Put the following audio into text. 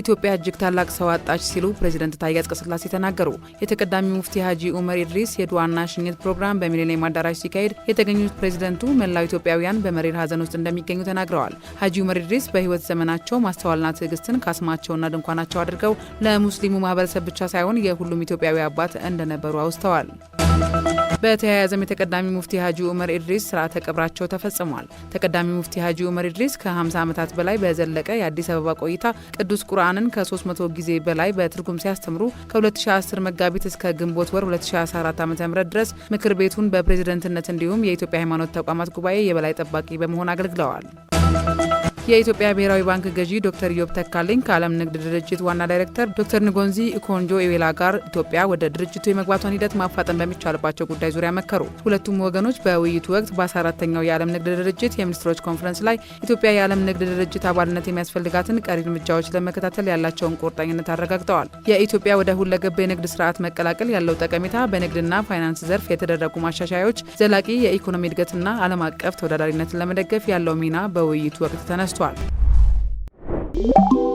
ኢትዮጵያ እጅግ ታላቅ ሰው አጣች ሲሉ ፕሬዚደንት ታዬ አጽቀሥላሴ ተናገሩ። የተቀዳሚ ሙፍቲ ሀጂ ኡመር ኢድሪስ የድዋና ሽኝት ፕሮግራም በሚሊኒየም አዳራሽ ሲካሄድ የተገኙት ፕሬዚደንቱ መላው ኢትዮጵያውያን በመሪር ሀዘን ውስጥ እንደሚገኙ ተናግረዋል። ሀጂ ኡመር ኢድሪስ በህይወት ዘመናቸው ማስተዋልና ትዕግስትን ካስማቸውና ድንኳናቸው አድርገው ለሙስሊሙ ማህበረሰብ ብቻ ሳይሆን የሁሉም ኢትዮጵያዊ አባት እንደነበሩ አውስተዋል። በተያያዘም የተቀዳሚ ሙፍቲ ሀጂ ኡመር ኢድሪስ ስርዓተ ቀብራቸው ተፈጽሟል። ተቀዳሚ ሙፍቲ ሀጂ ኡመር ኢድሪስ ከ50 ዓመታት በላይ በዘለቀ የአዲስ አበባ ቆይታ ቅዱስ ቁርአንን ከ300 ጊዜ በላይ በትርጉም ሲያስተምሩ ከ2010 መጋቢት እስከ ግንቦት ወር 2014 ዓ ም ድረስ ምክር ቤቱን በፕሬዝደንትነት እንዲሁም የኢትዮጵያ ሃይማኖት ተቋማት ጉባኤ የበላይ ጠባቂ በመሆን አገልግለዋል። የኢትዮጵያ ብሔራዊ ባንክ ገዢ ዶክተር ዮብ ተካልኝ ከዓለም ንግድ ድርጅት ዋና ዳይሬክተር ዶክተር ንጎንዚ ኢኮንጆ ኢዌላ ጋር ኢትዮጵያ ወደ ድርጅቱ የመግባቷን ሂደት ማፋጠን በሚቻልባቸው ጉዳይ ዙሪያ መከሩ። ሁለቱም ወገኖች በውይይቱ ወቅት በ14ተኛው የዓለም ንግድ ድርጅት የሚኒስትሮች ኮንፈረንስ ላይ ኢትዮጵያ የዓለም ንግድ ድርጅት አባልነት የሚያስፈልጋትን ቀሪ እርምጃዎች ለመከታተል ያላቸውን ቁርጠኝነት አረጋግጠዋል። የኢትዮጵያ ወደ ሁለገብ የንግድ ስርዓት መቀላቀል ያለው ጠቀሜታ፣ በንግድና ፋይናንስ ዘርፍ የተደረጉ ማሻሻያዎች፣ ዘላቂ የኢኮኖሚ እድገትና ዓለም አቀፍ ተወዳዳሪነትን ለመደገፍ ያለው ሚና በውይይቱ ወቅት ተነሱ። Podcast One.